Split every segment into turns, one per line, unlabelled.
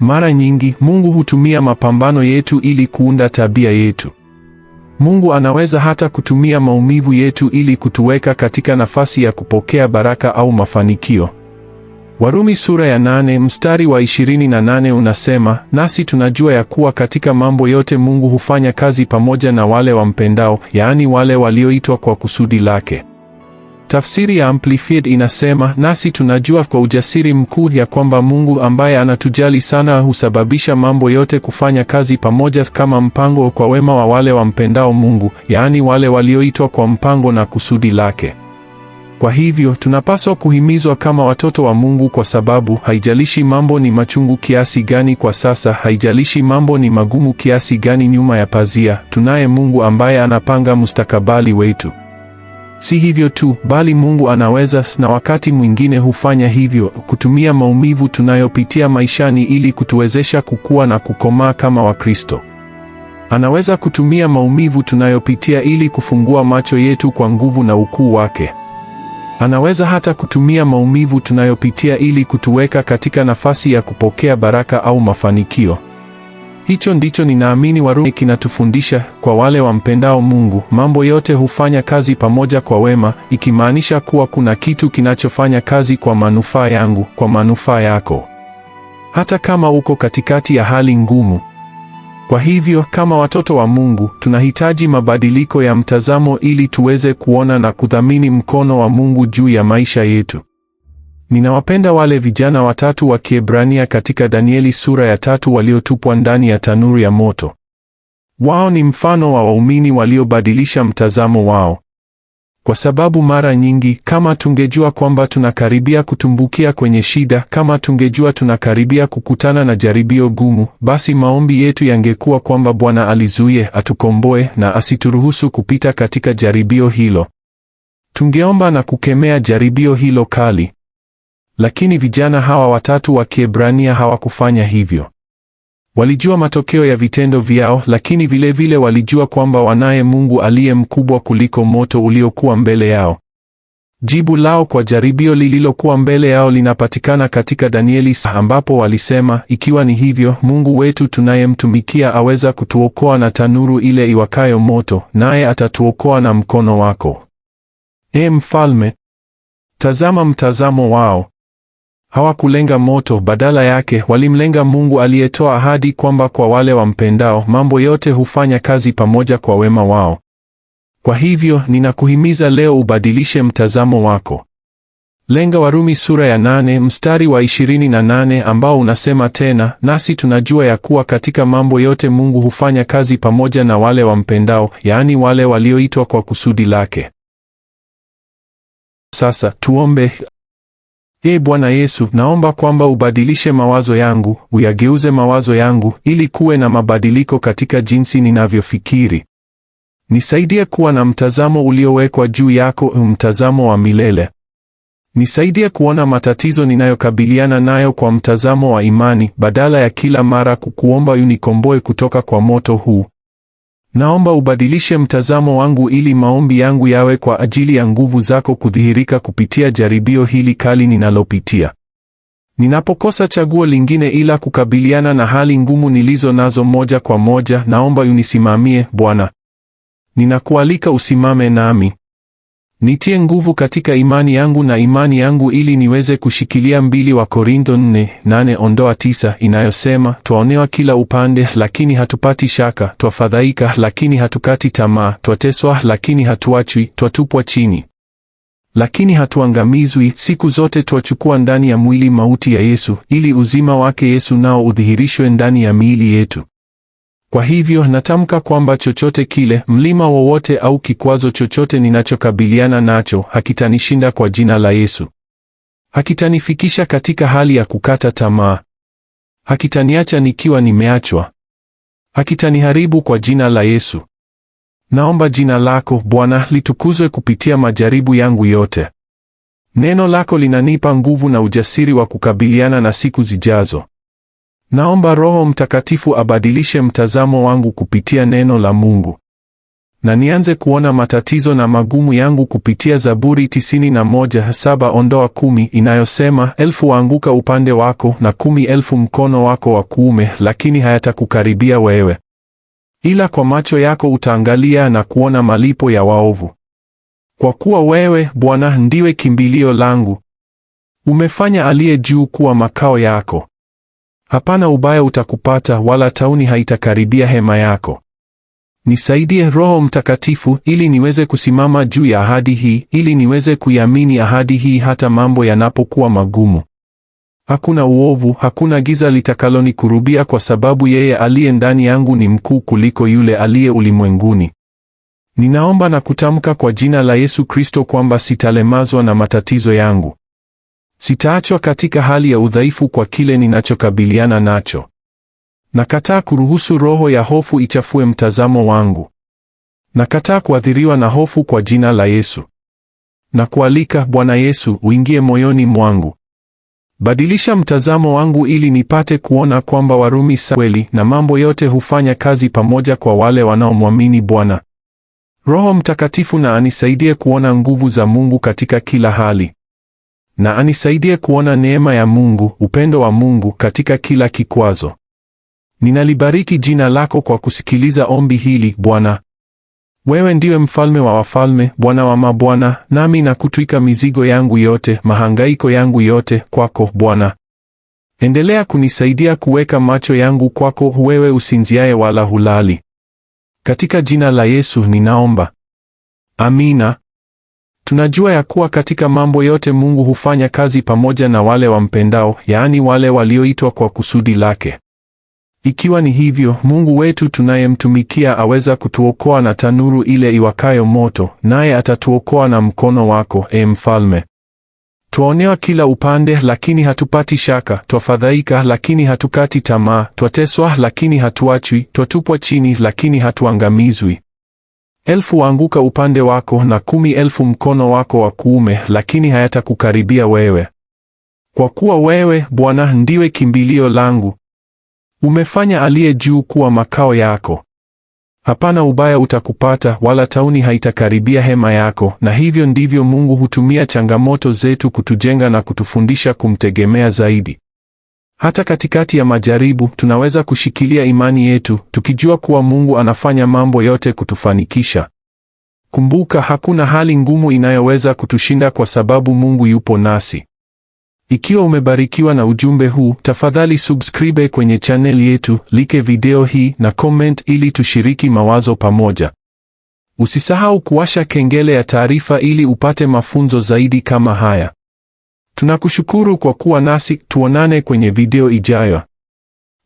Mara nyingi Mungu hutumia mapambano yetu ili kuunda tabia yetu. Mungu anaweza hata kutumia maumivu yetu ili kutuweka katika nafasi ya kupokea baraka au mafanikio. Warumi sura ya nane mstari wa ishirini na nane unasema, nasi tunajua ya kuwa katika mambo yote Mungu hufanya kazi pamoja na wale wampendao, yaani wale walioitwa kwa kusudi lake. Tafsiri ya Amplified inasema, nasi tunajua kwa ujasiri mkuu ya kwamba Mungu ambaye anatujali sana husababisha mambo yote kufanya kazi pamoja kama mpango kwa wema wa wale wampendao Mungu, yaani wale walioitwa kwa mpango na kusudi lake. Kwa hivyo tunapaswa kuhimizwa kama watoto wa Mungu kwa sababu haijalishi mambo ni machungu kiasi gani kwa sasa, haijalishi mambo ni magumu kiasi gani nyuma ya pazia, tunaye Mungu ambaye anapanga mustakabali wetu. Si hivyo tu, bali Mungu anaweza na wakati mwingine hufanya hivyo, kutumia maumivu tunayopitia maishani ili kutuwezesha kukua na kukomaa kama Wakristo. Anaweza kutumia maumivu tunayopitia ili kufungua macho yetu kwa nguvu na ukuu wake. Anaweza hata kutumia maumivu tunayopitia ili kutuweka katika nafasi ya kupokea baraka au mafanikio. Hicho ndicho ninaamini Warumi kinatufundisha kwa wale wampendao Mungu. Mambo yote hufanya kazi pamoja kwa wema, ikimaanisha kuwa kuna kitu kinachofanya kazi kwa manufaa yangu, kwa manufaa yako, hata kama uko katikati ya hali ngumu. Kwa hivyo, kama watoto wa Mungu, tunahitaji mabadiliko ya mtazamo ili tuweze kuona na kuthamini mkono wa Mungu juu ya maisha yetu. Ninawapenda wale vijana watatu wa Kiebrania katika Danieli sura ya tatu waliotupwa ndani ya tanuru ya moto. Wao ni mfano wa waumini waliobadilisha mtazamo wao. Kwa sababu mara nyingi, kama tungejua kwamba tunakaribia kutumbukia kwenye shida, kama tungejua tunakaribia kukutana na jaribio gumu, basi maombi yetu yangekuwa kwamba Bwana alizuie, atukomboe na asituruhusu kupita katika jaribio hilo. Tungeomba na kukemea jaribio hilo kali. Lakini vijana hawa watatu wa Kiebrania hawakufanya hivyo. Walijua matokeo ya vitendo vyao, lakini vilevile vile walijua kwamba wanaye Mungu aliye mkubwa kuliko moto uliokuwa mbele yao. Jibu lao kwa jaribio lililokuwa mbele yao linapatikana katika Danieli, ambapo walisema, ikiwa ni hivyo, Mungu wetu tunayemtumikia aweza kutuokoa na tanuru ile iwakayo moto, naye atatuokoa na mkono wako, e mfalme. Tazama mtazamo wao. Hawakulenga moto, badala yake walimlenga Mungu aliyetoa ahadi kwamba kwa wale wampendao mambo yote hufanya kazi pamoja kwa wema wao. Kwa hivyo ninakuhimiza leo ubadilishe mtazamo wako. Lenga Warumi sura ya nane mstari wa ishirini na nane ambao unasema tena, nasi tunajua ya kuwa katika mambo yote Mungu hufanya kazi pamoja na wale wampendao, yaani wale walioitwa kwa kusudi lake. Sasa tuombe. E Bwana Yesu, naomba kwamba ubadilishe mawazo yangu, uyageuze mawazo yangu ili kuwe na mabadiliko katika jinsi ninavyofikiri. Nisaidie kuwa na mtazamo uliowekwa juu yako, mtazamo wa milele. Nisaidie kuona matatizo ninayokabiliana nayo kwa mtazamo wa imani badala ya kila mara kukuomba unikomboe kutoka kwa moto huu. Naomba ubadilishe mtazamo wangu ili maombi yangu yawe kwa ajili ya nguvu zako kudhihirika kupitia jaribio hili kali ninalopitia. Ninapokosa chaguo lingine ila kukabiliana na hali ngumu nilizo nazo moja kwa moja, naomba unisimamie Bwana. Ninakualika usimame nami. Nitie nguvu katika imani yangu na imani yangu ili niweze kushikilia mbili wa Korintho nne nane ondoa tisa inayosema twaonewa kila upande, lakini hatupati shaka; twafadhaika, lakini hatukati tamaa; twateswa, lakini hatuachwi; twatupwa chini, lakini hatuangamizwi. Siku zote twachukua ndani ya mwili mauti ya Yesu, ili uzima wake Yesu nao udhihirishwe ndani ya miili yetu. Kwa hivyo natamka kwamba chochote kile, mlima wowote au kikwazo chochote ninachokabiliana nacho, hakitanishinda kwa jina la Yesu. Hakitanifikisha katika hali ya kukata tamaa. Hakitaniacha nikiwa nimeachwa. Hakitaniharibu kwa jina la Yesu. Naomba jina lako Bwana litukuzwe kupitia majaribu yangu yote. Neno lako linanipa nguvu na ujasiri wa kukabiliana na siku zijazo. Naomba Roho Mtakatifu abadilishe mtazamo wangu kupitia neno la Mungu na nianze kuona matatizo na magumu yangu kupitia Zaburi tisini na moja ondoa kumi inayosema, elfu waanguka upande wako na kumi elfu mkono wako wa kuume, lakini hayatakukaribia wewe, ila kwa macho yako utaangalia na kuona malipo ya waovu. Kwa kuwa wewe Bwana ndiwe kimbilio langu, umefanya aliye juu kuwa makao yako. Hapana ubaya utakupata wala tauni haitakaribia hema yako. Nisaidie Roho Mtakatifu ili niweze kusimama juu ya ahadi hii, ili niweze kuiamini ahadi hii hata mambo yanapokuwa magumu. Hakuna uovu, hakuna giza litakalonikurubia kwa sababu yeye aliye ndani yangu ni mkuu kuliko yule aliye ulimwenguni. Ninaomba na kutamka kwa jina la Yesu Kristo kwamba sitalemazwa na matatizo yangu. Sitaachwa katika hali ya udhaifu kwa kile ninachokabiliana nacho. Nakataa kuruhusu roho ya hofu ichafue mtazamo wangu. Nakataa kuathiriwa na hofu kwa jina la Yesu. Nakualika Bwana Yesu, uingie moyoni mwangu. Badilisha mtazamo wangu ili nipate kuona kwamba Warumi kweli na mambo yote hufanya kazi pamoja kwa wale wanaomwamini Bwana. Roho Mtakatifu na anisaidie kuona nguvu za Mungu katika kila hali na anisaidie kuona neema ya Mungu, upendo wa Mungu katika kila kikwazo. Ninalibariki jina lako kwa kusikiliza ombi hili Bwana. Wewe ndiwe mfalme wa wafalme, Bwana wa mabwana, nami nakutwika mizigo yangu yote, mahangaiko yangu yote kwako Bwana. Endelea kunisaidia kuweka macho yangu kwako, wewe usinziaye wala hulali. Katika jina la Yesu ninaomba. Amina. Tunajua ya kuwa katika mambo yote Mungu hufanya kazi pamoja na wale wampendao, yaani wale walioitwa kwa kusudi lake. Ikiwa ni hivyo, Mungu wetu tunayemtumikia aweza kutuokoa na tanuru ile iwakayo moto, naye atatuokoa na mkono wako, e mfalme. Twaonewa kila upande, lakini hatupati shaka; twafadhaika, lakini hatukati tamaa; twateswa, lakini hatuachwi; twatupwa chini, lakini hatuangamizwi. Elfu waanguka upande wako na kumi elfu mkono wako wa kuume, lakini hayatakukaribia wewe. Kwa kuwa wewe, Bwana, ndiwe kimbilio langu. Umefanya aliye juu kuwa makao yako. Hapana ubaya utakupata, wala tauni haitakaribia hema yako. Na hivyo ndivyo Mungu hutumia changamoto zetu kutujenga na kutufundisha kumtegemea zaidi. Hata katikati ya majaribu, tunaweza kushikilia imani yetu, tukijua kuwa Mungu anafanya mambo yote kutufanikisha. Kumbuka, hakuna hali ngumu inayoweza kutushinda kwa sababu Mungu yupo nasi. Ikiwa umebarikiwa na ujumbe huu, tafadhali subscribe kwenye channel yetu, like video hii na comment ili tushiriki mawazo pamoja. Usisahau kuwasha kengele ya taarifa ili upate mafunzo zaidi kama haya. Tunakushukuru kwa kuwa nasi. Tuonane kwenye video ijayo.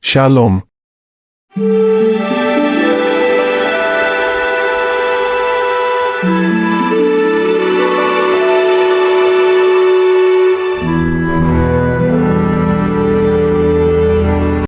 Shalom.